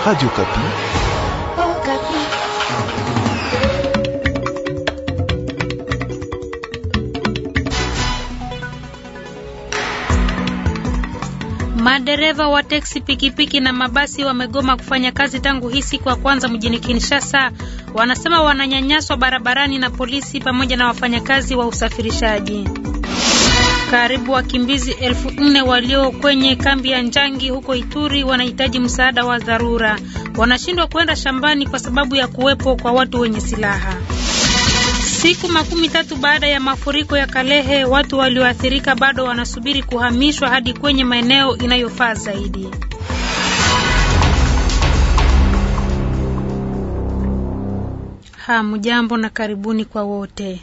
Radio Okapi. Oh, Madereva wa teksi, pikipiki na mabasi wamegoma kufanya kazi tangu hii siku ya kwanza mjini Kinshasa. Wanasema wananyanyaswa barabarani na polisi pamoja na wafanyakazi wa usafirishaji. Karibu wakimbizi elfu nne walio kwenye kambi ya Njangi huko Ituri wanahitaji msaada wa dharura. Wanashindwa kwenda shambani kwa sababu ya kuwepo kwa watu wenye silaha. Siku makumi tatu baada ya mafuriko ya Kalehe, watu walioathirika bado wanasubiri kuhamishwa hadi kwenye maeneo inayofaa zaidi. Hamjambo na karibuni kwa wote.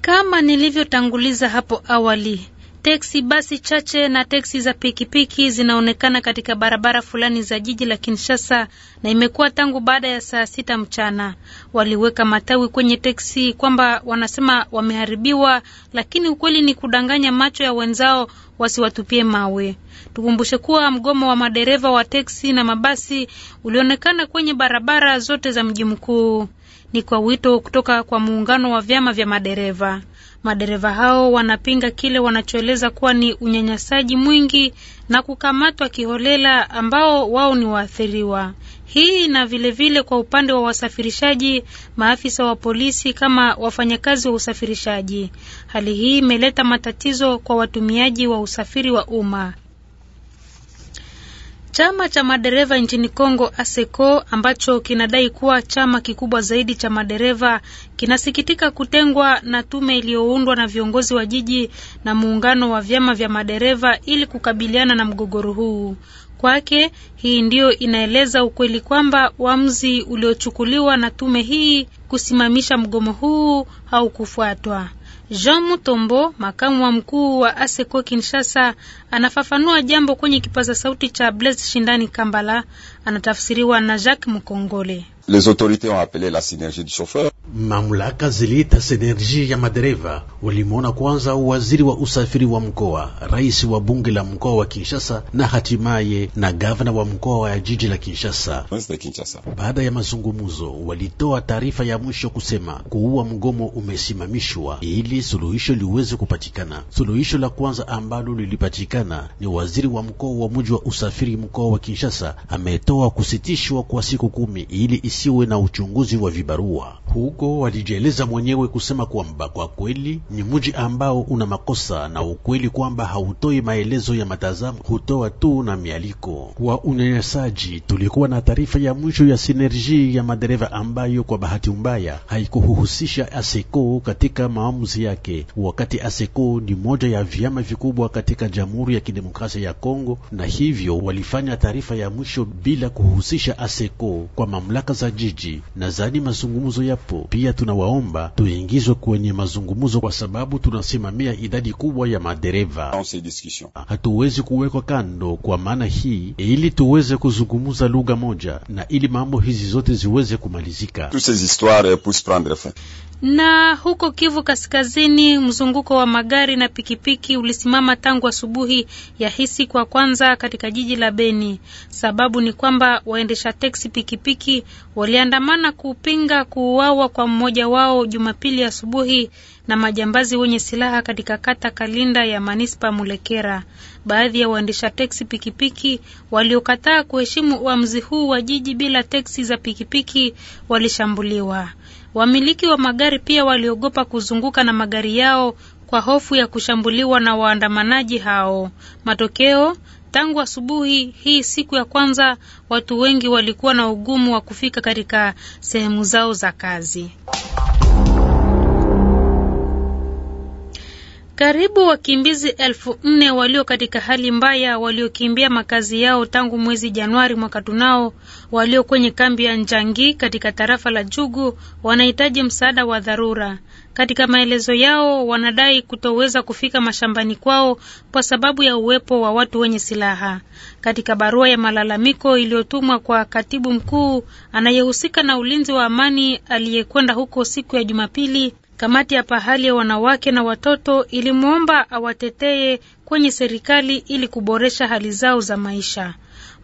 Kama nilivyotanguliza hapo awali, Teksi basi chache na teksi za pikipiki zinaonekana katika barabara fulani za jiji la Kinshasa na imekuwa tangu baada ya saa sita mchana. Waliweka matawi kwenye teksi kwamba wanasema wameharibiwa, lakini ukweli ni kudanganya macho ya wenzao wasiwatupie mawe. Tukumbushe kuwa mgomo wa madereva wa teksi na mabasi ulionekana kwenye barabara zote za mji mkuu. Ni kwa wito kutoka kwa muungano wa vyama vya madereva. Madereva hao wanapinga kile wanachoeleza kuwa ni unyanyasaji mwingi na kukamatwa kiholela ambao wao ni waathiriwa. Hii na vilevile vile kwa upande wa wasafirishaji, maafisa wa polisi kama wafanyakazi wa usafirishaji. Hali hii imeleta matatizo kwa watumiaji wa usafiri wa umma. Chama cha madereva nchini Kongo ASECO ambacho kinadai kuwa chama kikubwa zaidi cha madereva kinasikitika kutengwa na tume iliyoundwa na viongozi wa jiji na muungano wa vyama vya madereva ili kukabiliana na mgogoro huu. Kwake hii ndiyo inaeleza ukweli kwamba uamuzi uliochukuliwa na tume hii kusimamisha mgomo huu haukufuatwa. Jean Mutombo, makamu wa mkuu wa ASECO Kinshasa, anafafanua jambo kwenye kipaza sauti cha Blaise Shindani Kambala, anatafsiriwa na Jacques Mkongole les autorités ont appelé la synergie du chauffeur. Mamlaka ziliita sinerji ya madereva. Walimwona kwanza waziri wa usafiri wa mkoa, rais wa bunge la mkoa wa Kinshasa na hatimaye na gavana wa mkoa wa jiji la Kinshasa. Kinshasa. Baada ya mazungumzo, walitoa taarifa ya mwisho kusema kuua mgomo umesimamishwa ili suluhisho liweze kupatikana. Suluhisho la kwanza ambalo lilipatikana ni waziri wa mkoa wa mji wa usafiri mkoa wa Kinshasa ametoa kusitishwa kwa siku kumi ili isiwe na uchunguzi wa vibarua. Huko walijieleza mwenyewe kusema kwamba kwa kweli ni mji ambao una makosa na ukweli kwamba hautoi maelezo ya matazamo, hutoa tu na mialiko wa unyanyasaji. Tulikuwa na taarifa ya mwisho ya sinerji ya madereva ambayo kwa bahati mbaya haikuhusisha aseko katika maamuzi yake, wakati aseko ni moja ya vyama vikubwa katika Jamhuri ya Kidemokrasia ya Kongo, na hivyo walifanya taarifa ya mwisho bila kuhusisha aseko kwa mamlaka za jiji, na mazungumzo yapo. Pia tunawaomba tuingizwe kwenye mazungumzo, kwa sababu tunasimamia idadi kubwa ya madereva. Hatuwezi kuwekwa kando kwa maana hii, ili tuweze kuzungumza lugha moja na ili mambo hizi zote ziweze kumalizika. Na huko Kivu Kaskazini, mzunguko wa magari na pikipiki ulisimama tangu asubuhi ya hisi kwa kwanza katika jiji la Beni. Sababu ni kwamba waendesha teksi pikipiki waliandamana kupinga kuuawa kwa mmoja wao Jumapili asubuhi na majambazi wenye silaha katika kata Kalinda ya manispa Mulekera. Baadhi ya waendesha teksi pikipiki waliokataa kuheshimu uamuzi huu wa jiji bila teksi za pikipiki walishambuliwa. Wamiliki wa magari pia waliogopa kuzunguka na magari yao kwa hofu ya kushambuliwa na waandamanaji hao. Matokeo, tangu asubuhi hii siku ya kwanza, watu wengi walikuwa na ugumu wa kufika katika sehemu zao za kazi. Karibu wakimbizi elfu nne walio katika hali mbaya waliokimbia makazi yao tangu mwezi Januari mwaka tunao, walio kwenye kambi ya Njangi katika tarafa la Jugu wanahitaji msaada wa dharura. Katika maelezo yao, wanadai kutoweza kufika mashambani kwao kwa sababu ya uwepo wa watu wenye silaha. Katika barua ya malalamiko iliyotumwa kwa katibu mkuu anayehusika na ulinzi wa amani aliyekwenda huko siku ya Jumapili, Kamati ya pahali ya wanawake na watoto ilimwomba awateteye kwenye serikali ili kuboresha hali zao za maisha.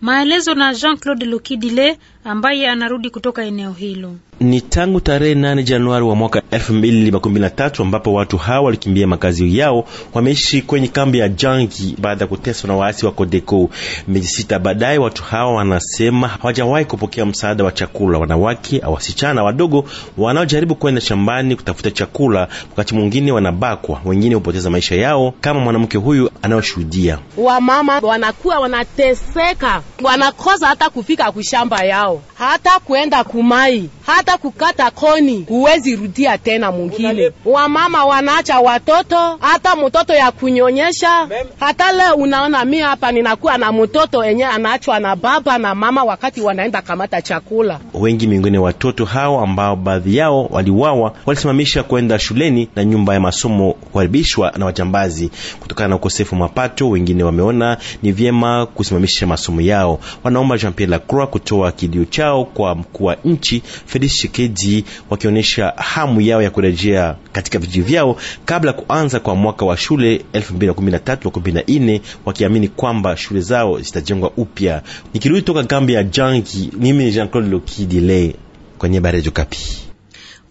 Maelezo na Jean-Claude Lokidile ambaye anarudi kutoka eneo hilo. Ni tangu tarehe 8 Januari wa mwaka tatu ambapo watu hawa walikimbia makazi yao, wameishi kwenye kambi ya Jangi baada ya kuteswa na waasi wa Kodeko. Miezi sita baadaye, watu hawa wanasema hawajawahi kupokea msaada wa chakula. Wanawake au wasichana wadogo wanaojaribu kwenda shambani kutafuta chakula, wakati mwingine wanabakwa, wengine hupoteza maisha yao, kama mwanamke huyu anayoshuhudia. Wamama wanakuwa wanateseka, wanakosa hata kufika kushamba yao yao, hata kuenda kumai, hata kukata koni huwezi rudia tena. Mungine wamama wanaacha watoto, hata mtoto ya kunyonyesha. Hata leo unaona mi hapa ninakuwa na mtoto enye anaachwa na baba na mama, wakati wanaenda kamata chakula. Wengi miongoni watoto hao ambao baadhi yao waliwawa walisimamisha kwenda shuleni na nyumba ya masomo kuharibishwa na wajambazi kutokana na ukosefu mapato. Wengine wameona ni vyema kusimamisha masomo yao, wanaomba Jean Pierre Lacroix kutoa kilio chao kwa mkuu wa nchi Felix Tshisekedi, wakionyesha hamu yao ya kurejea katika vijiji vyao kabla kuanza kwa mwaka wa shule 2013-2014 wakiamini kwamba shule zao zitajengwa upya. Nikirudi toka Gambia jangi, mimi ni Jean-Claude Lokidile kwa niaba ya Radio Kapi.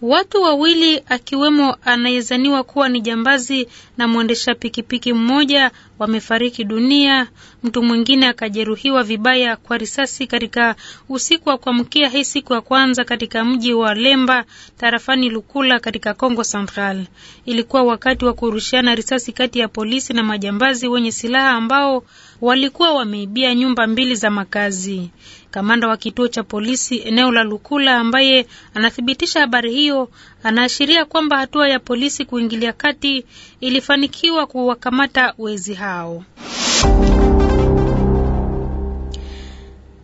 Watu wawili akiwemo anayezaniwa kuwa ni jambazi na mwendesha pikipiki mmoja wamefariki dunia, mtu mwingine akajeruhiwa vibaya kwa risasi katika usiku wa kuamkia hii siku ya kwanza katika mji wa Lemba tarafani Lukula katika congo Central. Ilikuwa wakati wa kurushiana risasi kati ya polisi na majambazi wenye silaha ambao walikuwa wameibia nyumba mbili za makazi. Kamanda wa kituo cha polisi eneo la Lukula ambaye anathibitisha habari hiyo anaashiria kwamba hatua ya polisi kuingilia kati ilifanikiwa kuwakamata wezi hao hao.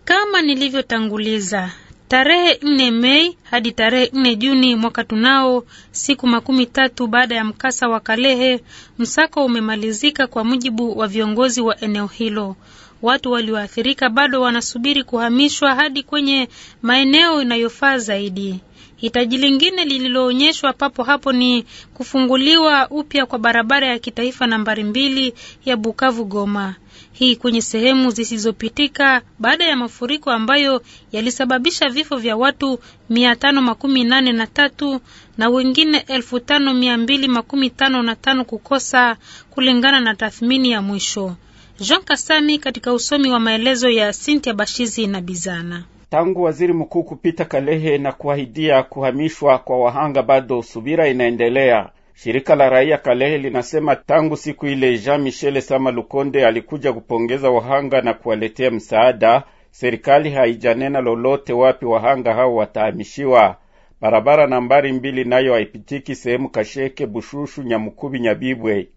Kama nilivyotanguliza, tarehe nne Mei hadi tarehe nne Juni mwaka tunao, siku makumi tatu baada ya mkasa wa Kalehe, msako umemalizika kwa mujibu wa viongozi wa eneo hilo. Watu walioathirika bado wanasubiri kuhamishwa hadi kwenye maeneo inayofaa zaidi. Hitaji lingine lililoonyeshwa papo hapo ni kufunguliwa upya kwa barabara ya kitaifa nambari mbili ya Bukavu Goma, hii kwenye sehemu zisizopitika baada ya mafuriko ambayo yalisababisha vifo vya watu mia tano makumi nane na tatu na wengine elfu tano mia mbili makumi tano na tano kukosa kulingana na tathmini ya mwisho. Jean Kasami katika usomi wa maelezo ya Cynthia Bashizi na Bizana. Tangu waziri mkuu kupita Kalehe na kuahidia kuhamishwa kwa wahanga, bado subira inaendelea. Shirika la raia Kalehe linasema tangu siku ile Jean Michel Sama Lukonde alikuja kupongeza wahanga na kuwaletea msaada, serikali haijanena lolote wapi wahanga hao watahamishiwa. Barabara nambari mbili nayo haipitiki sehemu Kasheke, Bushushu, Nyamukubi, Nyabibwe.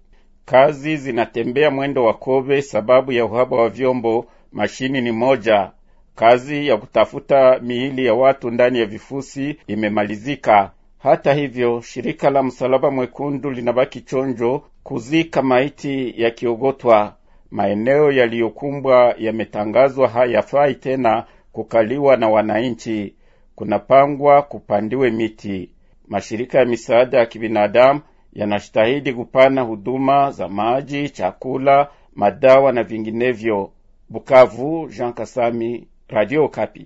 Kazi zinatembea mwendo wa kobe sababu ya uhaba wa vyombo, mashini ni moja. Kazi ya kutafuta miili ya watu ndani ya vifusi imemalizika. Hata hivyo, shirika la Msalaba Mwekundu linabaki chonjo kuzika maiti yakiogotwa. Maeneo yaliyokumbwa yametangazwa hayafai tena kukaliwa na wananchi, kunapangwa kupandiwe miti. Mashirika ya misaada ya kibinadamu yanashitahidi kupana huduma za maji, chakula, madawa na vinginevyo. Bukavu, Jean Kasami, Radio Kapi.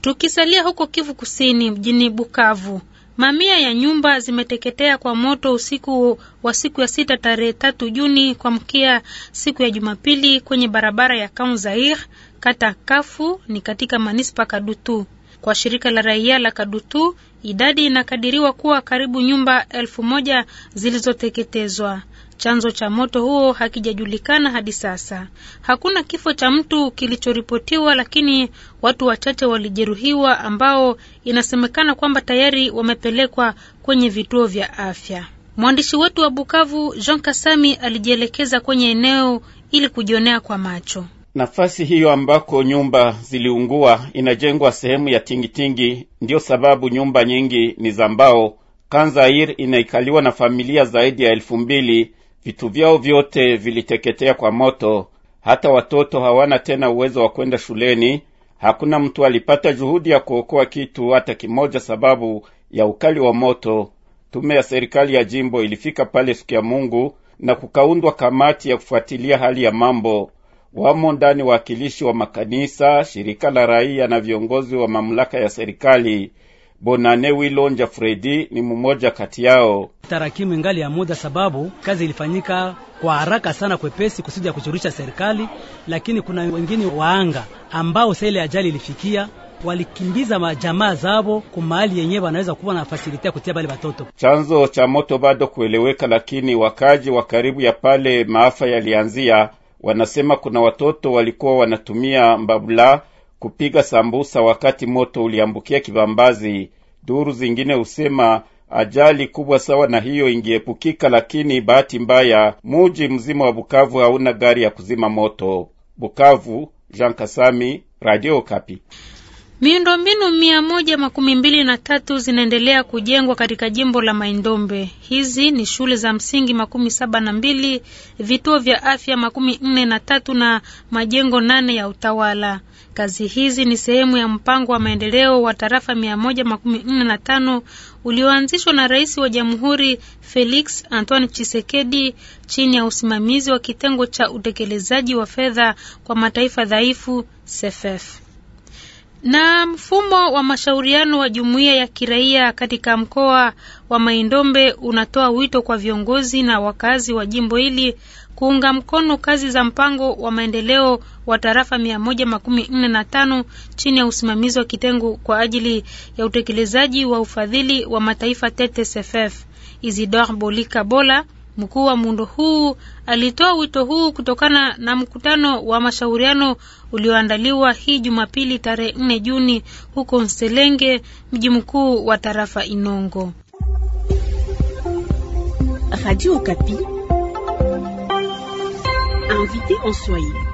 Tukisalia huko Kivu Kusini, mjini Bukavu, mamia ya nyumba zimeteketea kwa moto usiku wa siku ya sita tarehe tatu Juni kwa mkia siku ya Jumapili kwenye barabara ya Kaun Zair kata Kafu ni katika manispa Kadutu. Kwa shirika la raia la Kadutu, idadi inakadiriwa kuwa karibu nyumba elfu moja zilizoteketezwa. Chanzo cha moto huo hakijajulikana hadi sasa. Hakuna kifo cha mtu kilichoripotiwa, lakini watu wachache walijeruhiwa ambao inasemekana kwamba tayari wamepelekwa kwenye vituo vya afya. Mwandishi wetu wa Bukavu Jean Kasami alijielekeza kwenye eneo ili kujionea kwa macho. Nafasi hiyo ambako nyumba ziliungua inajengwa sehemu ya tingitingi, ndiyo sababu nyumba nyingi ni za mbao. Kanzair inaikaliwa na familia zaidi ya elfu mbili vitu vyao vyote viliteketea kwa moto. Hata watoto hawana tena uwezo wa kwenda shuleni. Hakuna mtu alipata juhudi ya kuokoa kitu hata kimoja sababu ya ukali wa moto. Tume ya serikali ya jimbo ilifika pale siku ya Mungu na kukaundwa kamati ya kufuatilia hali ya mambo. Wamo ndani waakilishi wa makanisa, shirika la raia na viongozi wa mamlaka ya serikali. Bonane Wilonja Fredi ni mmoja kati yao. Tarakimu ingali ya muda, sababu kazi ilifanyika kwa haraka sana kwepesi kusudi ya kuchurisha serikali, lakini kuna wengine waanga ambao sele ajali ilifikia walikimbiza majamaa zao kumahali yenyewe wanaweza kuwa na fasiliti ya kutia bale batoto. Chanzo cha moto bado kueleweka, lakini wakaji wa karibu ya pale maafa yalianzia wanasema kuna watoto walikuwa wanatumia mbabula kupiga sambusa wakati moto uliambukia kibambazi. Duru zingine husema ajali kubwa sawa na hiyo ingiepukika, lakini bahati mbaya muji mzima wa Bukavu hauna gari ya kuzima moto. Bukavu, Jean Kasami, Radio Kapi. Miundombinu mia moja makumi mbili na tatu zinaendelea kujengwa katika jimbo la Maindombe. Hizi ni shule za msingi makumi saba na mbili, vituo vya afya makumi nne na tatu na majengo nane ya utawala. Kazi hizi ni sehemu ya mpango wa maendeleo wa tarafa 145 ulioanzishwa na Rais wa Jamhuri Felix Antoine chisekedi chini ya usimamizi wa kitengo cha utekelezaji wa fedha kwa mataifa dhaifu SEFEF. Na mfumo wa mashauriano wa jumuiya ya kiraia katika mkoa wa Maindombe unatoa wito kwa viongozi na wakazi wa jimbo hili kuunga mkono kazi za mpango wa maendeleo wa tarafa 145 chini ya usimamizi wa kitengo kwa ajili ya utekelezaji wa ufadhili wa mataifa TTSFF. Isidore Bolika Bola Mkuu wa muundo huu alitoa wito huu kutokana na mkutano wa mashauriano ulioandaliwa hii Jumapili tarehe 4 Juni huko nselenge mji mkuu wa tarafa Inongo. Radio Okapi. Invité en Swahili.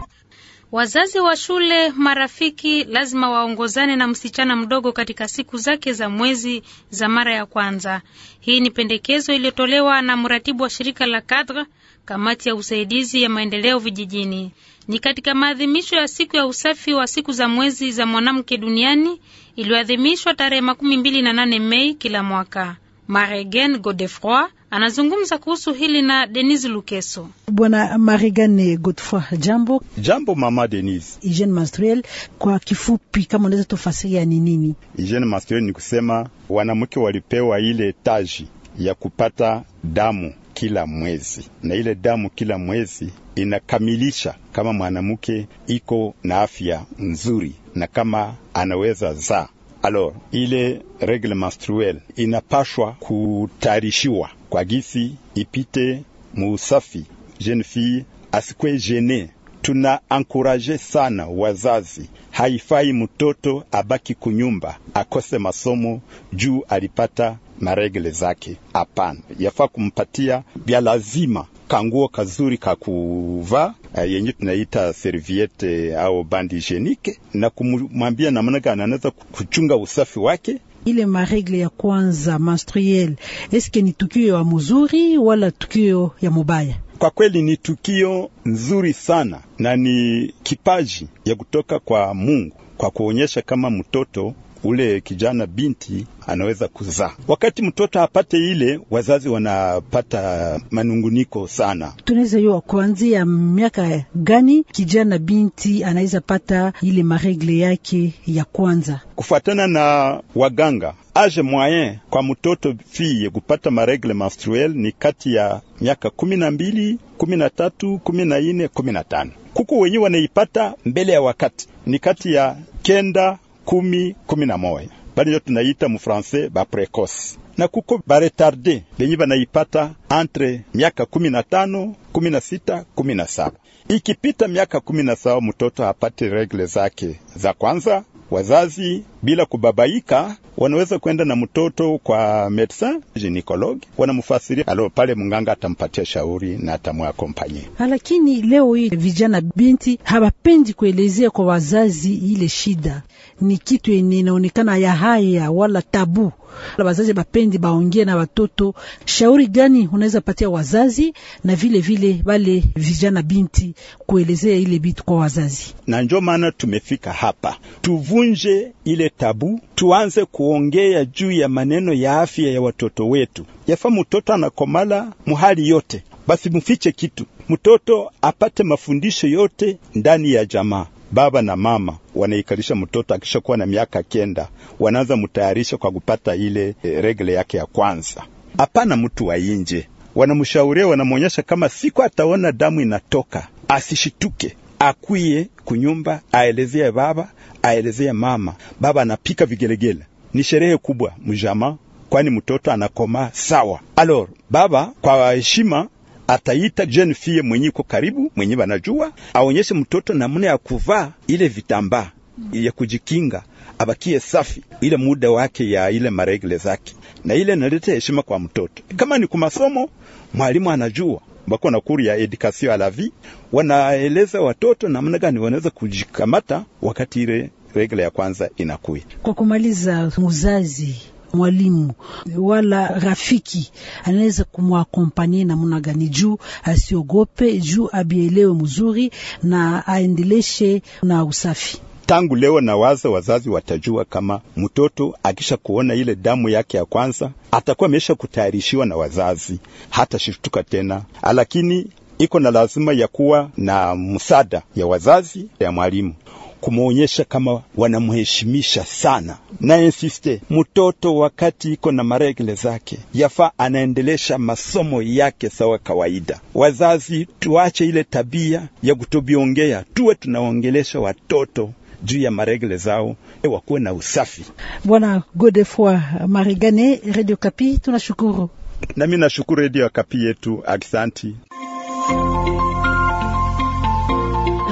Wazazi wa shule, marafiki lazima waongozane na msichana mdogo katika siku zake za mwezi za mara ya kwanza. Hii ni pendekezo iliyotolewa na mratibu wa shirika la Cadre, kamati ya usaidizi ya maendeleo vijijini. Ni katika maadhimisho ya siku ya usafi wa siku za mwezi za mwanamke duniani iliyoadhimishwa tarehe makumi mbili na nane Mei kila mwaka. Maregen Godefroy Anazungumza kuhusu hili na Denis Lukeso. Bwana Marigane Godfrey, jambo. Jambo mama Denis. Hygiene menstruelle kwa kifupi, kama unaweza tufasiria ni nini? Hygiene menstruelle ni kusema wanamke walipewa ile taji ya kupata damu kila mwezi, na ile damu kila mwezi inakamilisha kama mwanamke iko na afya nzuri na kama anaweza zaa. Alors ile regle menstruelle inapashwa kutayarishiwa kwa gisi ipite muusafi, jeune fille asikwe jene. Tuna ankuraje sana wazazi, haifai mtoto abaki kunyumba akose masomo juu alipata maregle zake. Hapana, yafaa kumpatia vya lazima, kanguo kazuri ka kuvaa eh, yenye tunaita serviette au bandi jenike, na kumwambia namna gani anaweza kuchunga usafi wake ile maregle ya kwanza menstruel, eske ni tukio ya mzuri wala tukio ya mubaya? Kwa kweli ni tukio nzuri sana na ni kipaji ya kutoka kwa Mungu kwa kuonyesha kama mtoto ule kijana binti anaweza kuzaa. Wakati mtoto apate ile, wazazi wanapata manunguniko sana. Tunaweza yua kuanzia miaka gani kijana binti anaweza pata ile maregle yake ya kwanza, kufuatana na waganga age moyen kwa mtoto fille kupata maregle menstruel ni kati ya miaka kumi na mbili, kumi na tatu, kumi na nne, kumi na tano. Kuku wenyewe wanaipata mbele ya wakati ni kati ya kenda kumi kumi na moya bali tunaita mufranse baprecoce na kuko baretarde benye banaipata entre miaka kumi na tano kumi na sita kumi na saba ikipita miaka kumi na saba mtoto hapate regle zake za kwanza. Wazazi bila kubabaika wanaweza kwenda na mtoto kwa medecin ginekologi, wanamfasiria alo pale, munganga atampatia shauri na atamwakompanye. Lakini leo hii vijana binti hawapendi kuelezea kwa wazazi ile shida, ni kitu yenye inaonekana ya haya wala tabu. Wazazi bapendi baongee na watoto. Shauri gani unaweza patia wazazi na vile vile wale vijana binti kuelezea ile bitu kwa wazazi? Na njo maana tumefika hapa, tuvunje ile tabu tuanze kuongea juu ya maneno ya afya ya watoto wetu. Yafa mtoto anakomala muhali yote, basi mufiche kitu, mtoto apate mafundisho yote ndani ya jamaa. Baba na mama wanaikalisha mtoto akishakuwa na miaka kenda, wanaanza mutayarisha kwa kupata ile e, regle yake ya kwanza. Hapana mtu wa inje, wanamshauria, wanamwonyesha kama siku ataona damu inatoka asishituke akwiye kunyumba aelezee baba aelezee mama. Baba anapika vigelegele, ni sherehe kubwa mjama, kwani mtoto anakoma sawa. Alor baba kwa heshima ataita jeune fille mwenye iko karibu, mwenye banajua, aonyeshe mtoto namna ya kuvaa ile vitambaa ya kujikinga, abakie safi ile muda wake ya ile maregle zake, na ile naleta heshima kwa mtoto. Kama ni kumasomo, mwalimu anajua bako na kuru ya edukasio ya la vie, wanaeleza watoto namna gani wanaweza kujikamata wakati ile regla ya kwanza inakuya. Kwa kumaliza, muzazi mwalimu wala rafiki anaweza kumwakompanye namna gani juu asiogope, juu abielewe mzuri na aendeleshe na usafi tangu leo na waza wazazi watajua kama mtoto akisha kuona ile damu yake ya kwanza atakuwa amesha kutayarishiwa na wazazi, hata shituka tena. Lakini iko na lazima ya kuwa na msaada ya wazazi ya mwalimu kumwonyesha kama wanamheshimisha sana na insiste mtoto, wakati iko na maregele zake, yafaa anaendelesha masomo yake sawa kawaida. Wazazi tuache ile tabia ya kutobiongea, tuwe tunaongelesha watoto juu ya maregle zao, eh, wakuwe na usafi. Bwana Godefoi Marigane, Radio Kapi, tunashukuru. Nami nashukuru Radio Kapi yetu, aksanti.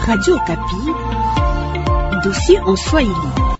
Radio Kapi, dosie en Swahili.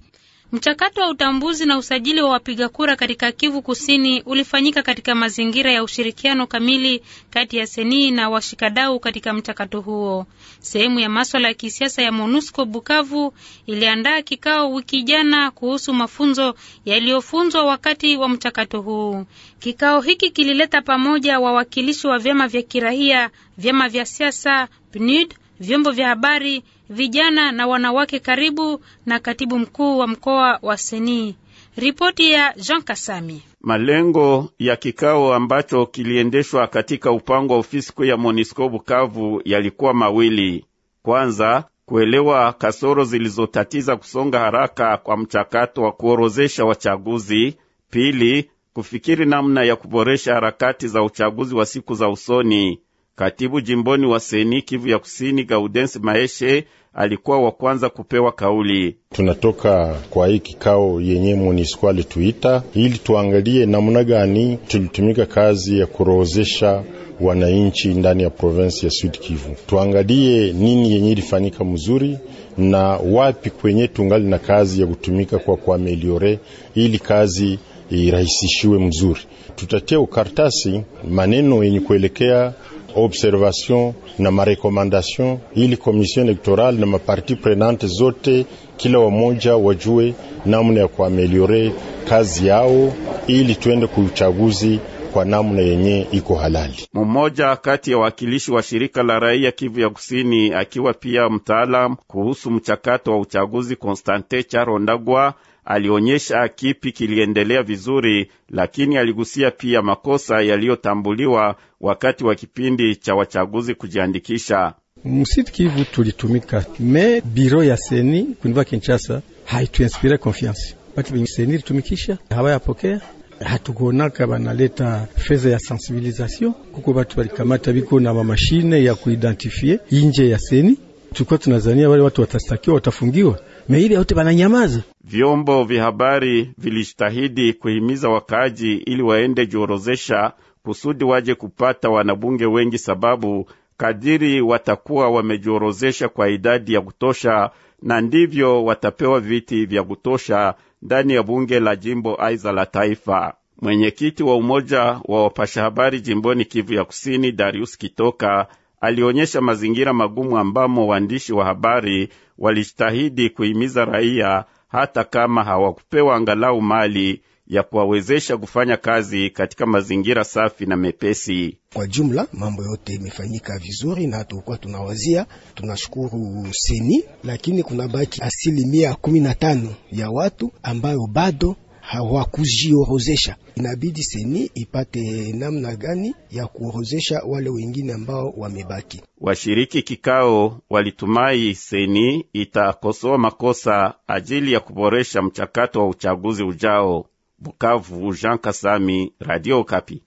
Mchakato wa utambuzi na usajili wa wapiga kura katika Kivu Kusini ulifanyika katika mazingira ya ushirikiano kamili kati ya Senii na washikadau katika mchakato huo. Sehemu ya maswala ya kisiasa ya MONUSCO Bukavu iliandaa kikao wiki jana kuhusu mafunzo yaliyofunzwa wakati wa mchakato huu. Kikao hiki kilileta pamoja wawakilishi wa vyama vya kiraia, vyama vya siasa, PNUD, vyombo vya habari vijana na wanawake karibu na katibu mkuu wa mkoa wa Seni. Ripoti ya Jean Kasami. Malengo ya kikao ambacho kiliendeshwa katika upango wa ofisi kuu ya Monisco Bukavu yalikuwa mawili. Kwanza, kuelewa kasoro zilizotatiza kusonga haraka kwa mchakato wa kuorozesha wachaguzi. Pili, kufikiri namna ya kuboresha harakati za uchaguzi wa siku za usoni. Katibu jimboni wa Seni Kivu ya Kusini, Gaudensi Maeshe alikuwa wa kwanza kupewa kauli. Tunatoka kwa hii kikao yenye MONUSCO alituita ili tuangalie namna gani tulitumika kazi ya kurozesha wananchi ndani ya provinsi ya Sud Kivu, tuangalie nini yenye ilifanyika mzuri na wapi kwenye tungali na kazi ya kutumika kwa kuameliore, ili kazi irahisishiwe mzuri. Tutatia ukartasi maneno yenye kuelekea observation na marekomandasyon ili komision elektorali na maparti prenante zote kila wamoja wajue namna ya kuameliore kazi yao ili twende kuuchaguzi kwa namna yenye iko halali. Mmoja kati ya wakilishi wa shirika la raia Kivu ya Kusini, akiwa pia mtaalamu kuhusu mchakato wa uchaguzi, Konstante Charo Ndagwa alionyesha kipi kiliendelea vizuri, lakini aligusia pia makosa yaliyotambuliwa wakati wa kipindi cha wachaguzi kujiandikisha. Msidi Kivu tulitumika me biro ya seni kuniva Kinshasa haituinspire konfiansi bati benye seni litumikisha hawayapokea hatukuonaka banaleta feza ya sensibilisation kuko batu balikamata biko na mamashine ya kuidentifie inje ya seni. Tulikuwa tunazania wale watu watastakiwa watafungiwa, meili yote bananyamaza. Vyombo vya habari vilistahidi kuhimiza wakaaji ili waende jiorozesha kusudi waje kupata wanabunge wengi, sababu kadiri watakuwa wamejiorozesha kwa idadi ya kutosha, na ndivyo watapewa viti vya kutosha ndani ya bunge la jimbo aiza la taifa. Mwenyekiti wa umoja wa wapasha habari jimboni Kivu ya Kusini, Darius Kitoka, alionyesha mazingira magumu ambamo waandishi wa habari walistahidi kuhimiza raia hata kama hawakupewa angalau mali ya kuwawezesha kufanya kazi katika mazingira safi na mepesi. Kwa jumla mambo yote imefanyika vizuri na tulikuwa tunawazia, tunashukuru seni, lakini kuna baki asilimia kumi na tano ya watu ambayo bado hawakujiorozesha. Inabidi seni ipate namna gani ya kuorozesha wale wengine ambao wamebaki. Washiriki kikao walitumai seni itakosoa makosa ajili ya kuboresha mchakato wa uchaguzi ujao. Bukavu, Jean Kasami, Radio Kapi.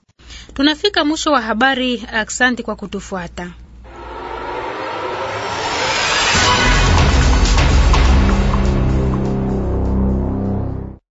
Tunafika mwisho wa habari. Aksanti kwa kutufuata.